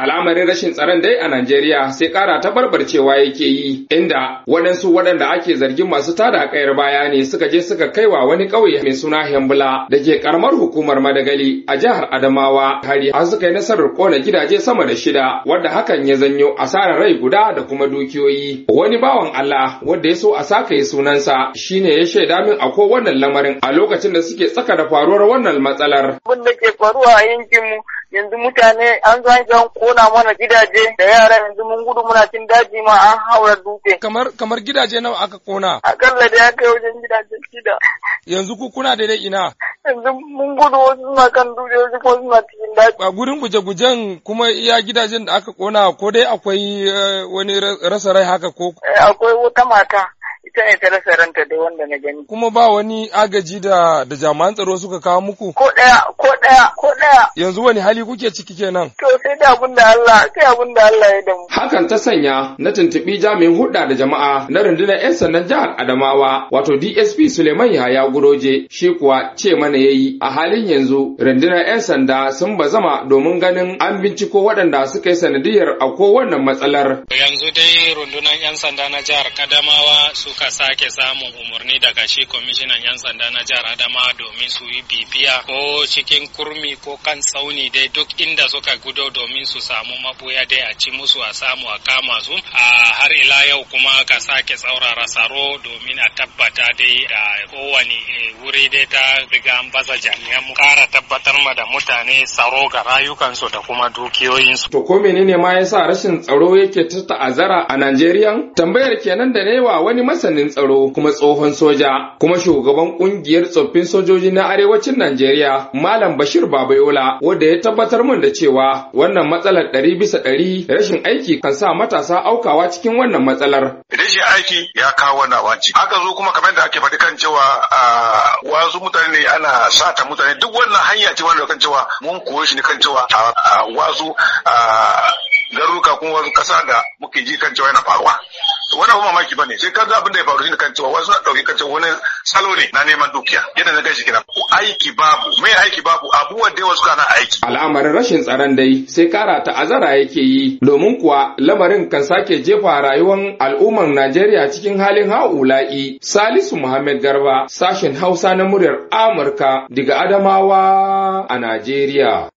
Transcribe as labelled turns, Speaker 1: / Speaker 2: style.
Speaker 1: Al'amarin rashin tsaron dai a Najeriya sai ƙara ta barbarcewa yake yi, inda waɗansu waɗanda ake zargin masu tada kayar baya ne suka je suka kaiwa wani ƙauye mai suna Hembula, da ke ƙaramar hukumar Madagali a jihar Adamawa hari har suka yi nasarar ƙona gidaje sama da shida, wadda hakan ya zanyo asarar rai guda da kuma dukiyoyi. Wani bawan Allah wanda ya so a yi sunansa shine ya shaida min a wannan lamarin a lokacin da suke tsaka da faruwar wannan matsalar. Abin da ke faruwa a yankinmu yanzu mutane an zo an kona mana gidaje da yara yanzu mun gudu muna cin daji ma an haura dutse. Kamar kamar gidaje nawa aka kona? Akalla da ya kai wajen gidaje shida. Yanzu ku kuna daidai ina? Yanzu mun gudu wasu suna kan dutse wasu kuma suna cikin daji. A gurin guje-gujen kuma iya gidajen da aka kona ko dai akwai eh, wani rasa rai haka ko? Eh, akwai wata mata. ita ne ta rasa ranta dai wanda na gani. Kuma ba wani agaji da da jami'an tsaro suka kawo muku? Ko ɗaya, ko ɗaya, ko Yanzu wani hali kuke ciki kenan? To da abin da Allah kai abin da Allah ya damu. Hakan ta sanya na tuntuɓi jami'in hulɗa da jama'a na rundunar 'yan sandan jihar Adamawa wato DSP Suleiman Yahaya Guroje shi kuwa ce mana yayi a halin yanzu rundunar 'yan sanda sun bazama domin ganin an binciko waɗanda suka yi sanadiyar a wannan matsalar. Yanzu dai rundunar 'yan sanda na jihar Adamawa
Speaker 2: suka sake samun umarni daga shi kwamishinan 'yan sanda na jihar Adamawa domin su yi bibiya ko cikin kurmi ko kan tsauni dai duk inda suka gudo domin domin su samu maboya dai a ci musu a samu a kama su a har ila yau kuma ka sake tsaurara tsaro domin a tabbata dai da kowane eh, wuri dai ta riga an baza jami'an mu kara tabbatar ma da mutane tsaro ga rayukansu da kuma
Speaker 1: dukiyoyinsu. To ko menene ma yasa rashin tsaro yake ta ta'azzara a Najeriya? Tambayar kenan da wa wani masanin tsaro kuma tsohon soja kuma shugaban kungiyar tsoffin sojoji na arewacin Najeriya Malam Bashir Babayola wanda ya tabbatar min da cewa wannan wannan matsalar ɗari bisa ɗari rashin aiki kan sa matasa aukawa cikin wannan matsalar. Rashin aiki ya kawo wannan wanci. Haka zo kuma kamar da ake faɗi kan cewa wasu mutane ne ana sata mutane duk wannan hanya ce wanda kan cewa mun koyo shi ne kan cewa wasu garuruka kuma wasu ƙasa da muke ji kan cewa yana faruwa. wani abu mamaki ba ne sai ka ga abin da ya faru shi kan cewa wasu na ɗauki kan cewa wani salo ne na neman dukiya yadda na gashi kenan ko aiki babu mai aiki babu abubuwan da wasu kana aiki. al'amarin rashin tsaron dai sai kara ta'azara yake yi domin kuwa lamarin kan sake jefa rayuwar al'ummar najeriya cikin halin ha'ula'i salisu muhammad garba sashen hausa na muryar amurka daga adamawa a najeriya.